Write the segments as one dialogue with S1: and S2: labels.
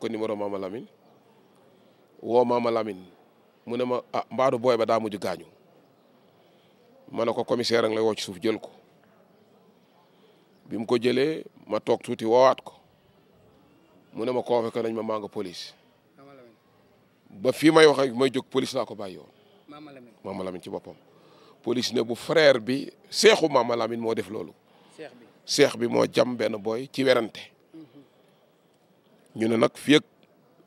S1: ko numéro Mama Lamine woo Mama Lamine mu ne ma ah mbaaru booy ba daa mujj gaañu ma ne ko commissaire ang lay woo ci suuf jël ko bi mu ko jëlee ma toog tuuti woowaat ko mu ne ma convoqué nañ ma maa nga police ba fii may wax ak may jóg police laa ko bàyyi woon Mama Lamine ci boppam police ne bu frère bi seexu Mama Lamine moo def loolu seex bi moo jam benn booy ci werante ñu ne nag fii ak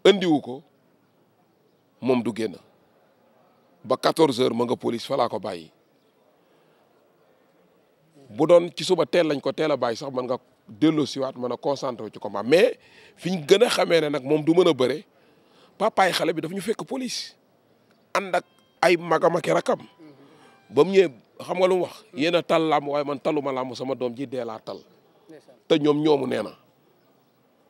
S1: indiwu ko moom du génn ba 14 heures ma nga police fa ko bàyyi bu doon ci suba teel lañ ko teel a bàyyi sax mën nga delloo siwaat mën a concentré ci combat mais fi ñu gën a xamee ne nag moom du mën a bëre papaay xale bi daf ñu fekk police ànd ak ay magam ak rakam ba mu ñëwee xam nga lu mu wax yéen a tal làmb waaye man taluma làmb sama doom ji dee tal te ñoom ñoomu nee na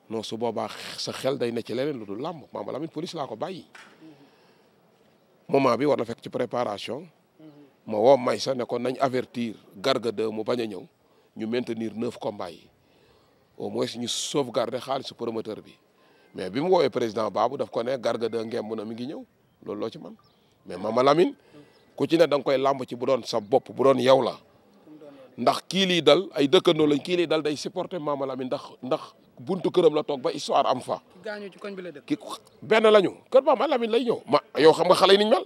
S1: non su boobaa sa xel day ne ci leneen lu dul làmb Mama Lamine police laa ko bàyyi moment bi war na fekk ci préparation ma woo may sa ne ko nañ avertir garga de mu bañ a ñëw ñu maintenir neuf combats yi au moins ñu sauvegarder xaalisu promoteur bi mais bi mu woowee président baabu daf ko ne garga de ngemb na mi ngi ñëw loolu loo ci man mais ma Lamine ku ci ne da koy làmb ci bu doon sa bopp bu doon yow la ndax kii lii dal ay dëkkandoo lañ kii lii dal day supporter Mama Lamine ndax ndax buntu këram la toog ba histoire am fa.
S2: gaañu ci koñ bi la dëkk. ki
S1: benn lañu kër Bamba Lamine lay ñëw. ma yow xam nga xale yi niñ mel.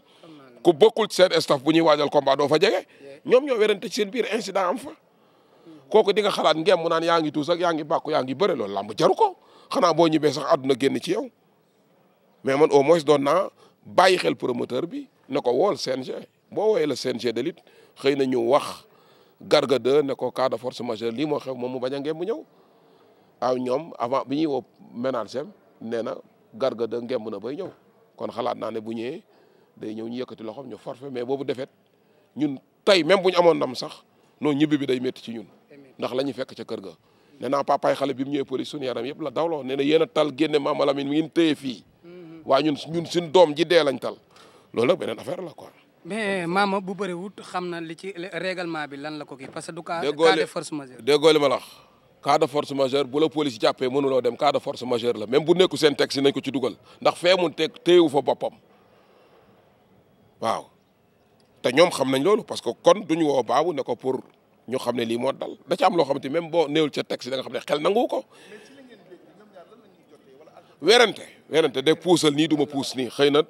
S1: ku bokkul seen staff bu ñuy waajal combat doo fa jege. ñoom ñoo werante ci seen biir incident am fa. kooku di nga xalaat ngeen mu naan yaa ngi tuus ak yaa ngi bàkku yaa ngi bëre loolu làmb jaru ko xanaa boo ñibbee sax àdduna génn ci yow. mais man au moins doon naa bàyyi xel promoteur bi na ko wool CNG boo wooyee la CNG de lutte xëy na ñëw wax garga de ne ko cas de force majeure lii moo xew moom mu bañ a ngeen mu ñëw. aw ñoom avant bi ñuy woo ménage nee na garga da ngemb na bay ñëw kon xalaat naa ne bu ñëwee day ñëw ñu yëkkati loxoom ñu forfait mais boobu defet ñun tey même bu ñu amoon ndam sax noonu ñibbi bi day métti ci ñun ndax la ñuy fekk ca kër ga nee naa papaay xale bi mu ñëwee police suñu yaram yëpp la dawloo nee na yéen a tal génne Mama Lamine mi ngi téye fii waa ñun ñun suñ doom ji dee lañ tal loolu nag beneen affaire la quoi
S2: mais maama bu bëriwut xam na li ci règlement bi lan la ko parce que du cas de force majeure
S1: déggoo li cas de force majeure bu la police jàppee mënuloo dem cas de force majeure la même bu nekku seen texte nañ ko ci dugal ndax fee mu teg téyewu fa boppam waaw te ñoom xam nañ loolu parce que kon duñu woo baabu ne ko pour ñu xam ne lii moo dal da ci am loo xamante même boo néewul ca texte da nga xam ne xel nangu ko werante werante de puusal nii duma puus nii xëy na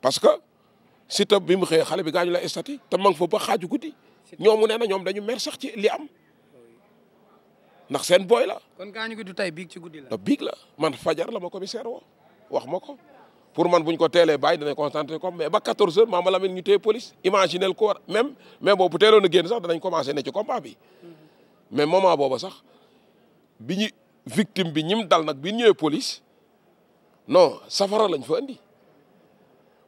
S1: parce que si ta bi mu xëyee xale bi gaañu la estati te man nga ba xaaju guddi ñoomu nee na ñoom dañu mer sax ci li am ndax seen booy la. kon gaañu gi du tey biig ci guddi la. biig man fajar la ma commissaire woo wax ma ko pour man buñ ko teelee bàyyi dinañ concentré comme mais ba 14 heures Mama Lamine ñu téye police imaginel ko war même mais boobu bu teeloon a génn sax danañ commencé ne ci combat bi. Mm-hmm. mais moment booba sax bi ñu victime bi ñim dal nag bi ñëwee police non safara lañ fa andi.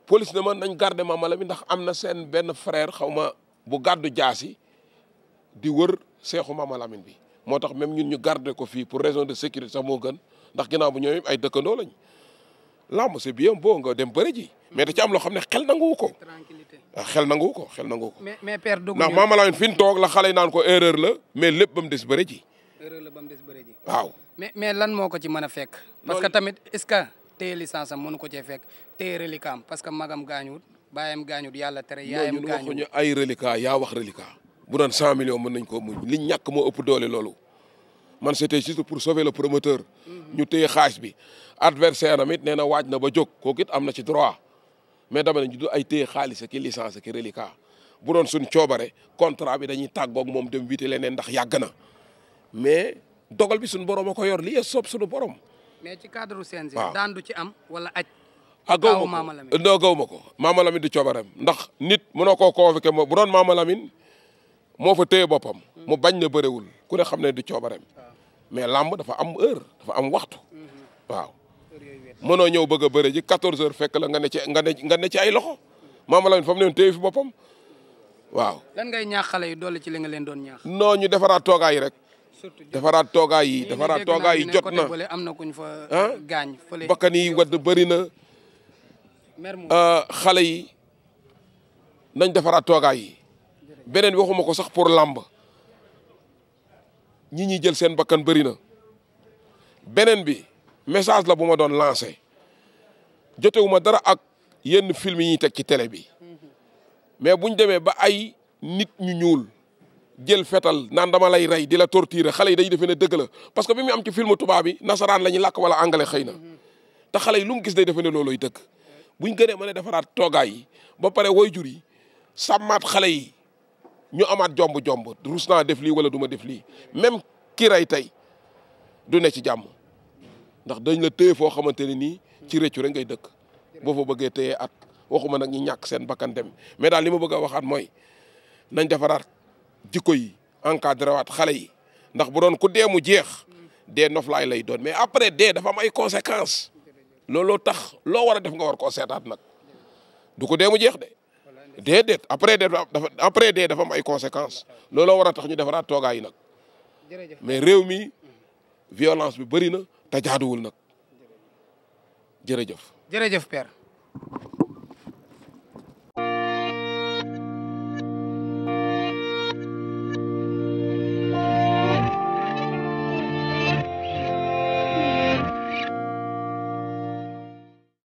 S1: police ne man nañ garder Mama Lamine ndax am na seen benn frère xaw ma bu gàddu jaasi di wër seexu Mama Lamine bi. moo tax même ñun ñu garder ko fii pour raison de sécurité sax moo gën ndax ginnaaw bu ñooy ay dëkkandoo lañ làmb c'est bien beau nga dem bëri ji. mais da ci am loo xam ne xel nanguwu ko. Ah, xel nanguwu ko xel nanguwu ko.
S2: mais mais père dugg ndax maama
S1: fi ñu toog la xale yi naan ko erreur la mais lépp ba mu des bëri ji.
S2: erreur la ba mu des bëri ji. waaw mais mais lan moo ko ci mën a fekk. parce que tamit est-ce que téye licence am mënu ko cee fekk téye reliquat am parce que magam gaañuwut baayam gaañuwut yàlla tere. yaayam gaañuwut ñooñu waxuñu
S1: ay reliquat yaa wax reliquat bu doon cent millions mën nañ koo muñ liñ ñàkk moo ëpp doole loolu man c'était juste pour sauver le promoteur ñu téye xaalis bi adversaire am it nee na waaj na ba jog kooku am na ci droit mais dama ne ñu du ay téye xaalis ki licence ki bu doon suñ coobare contrat bi dañuy tàggoog moom dem witi leneen ndax yàgg na mais dogal bi suñ borom a ko yor li yee soob suñu borom
S2: mais ci cadre CNG daan du ci am wala aj
S1: ah gaw ma ko non gaw ma ko Mama Lamine du coobareem ndax nit mënoo koo convoqué mo bu doon Mama Lamine moo fa téye boppam mu bañ ne bëriwul ku ne xam ne du coobareem mais làmb dafa am heure dafa am waxtu mm-hmm. waaw mënoo ñëw bëgg a bëri ji 14 heures fekk la nga ne ci nga ne nga ne ci ay loxo maama Lamine fa mu ne téye fi boppam waaw.
S2: lan ngay ñaax xale yi doole ci li nga leen doon ñaax.
S1: non ñu defaraat toogaay rek. surtout defaraat toogaay yi defaraat toogaay yi jot na am na
S2: kuñ fa gaañ fële bakkan
S1: yi wadd bëri na. Euh, xale yi nañ defaraat toogaay yi. beneen waxuma ko sax pour làmb ñi ñuy jël seen bakkan bëri na beneen bi message la bu ma doon lancé jotewuma dara ak yenn film yi ñuy teg ci tele bi mais buñ demee ba ay nit ñu ñuul jël fetal naan dama lay rey di la torturer xale yi dañ defee ne dëgg la parce que bi mu am ci film tubaab bi nasaraan la ñuy làkk wala anglais xëy na te xale yi lu mu gis day defee ne looloy dëgg buñ gënee mën a defaraat toogaay ba pare woy jur yi sàmmaat xale yi ñu amaat jomb-jomb rus naa def lii wala du ma def lii même ki rey tey du ne ci jàmm ndax dañ la téye foo xamante ne nii ci réccu rek ngay dëkk boo fa bëggee téye at waxuma nag ñi ñàkk seen bakkan dem mais daal li ma bëgg waxaat mooy nañ defaraat jikko yi encadré waat xale yi ndax bu doon ku dee mu jeex dee noflaay lay doon mais après dee dafa may ay conséquences looloo tax loo war a def nga war koo seetaat nag du ko dee mu jeex de. déedéet après dee dafa après dee dafa am ay conséquences looloo war tax ñu defaraat toogaay yi nag mais réew mi violence bi bëri na te jaaduwul nag jërëjëf.
S2: jërëjëf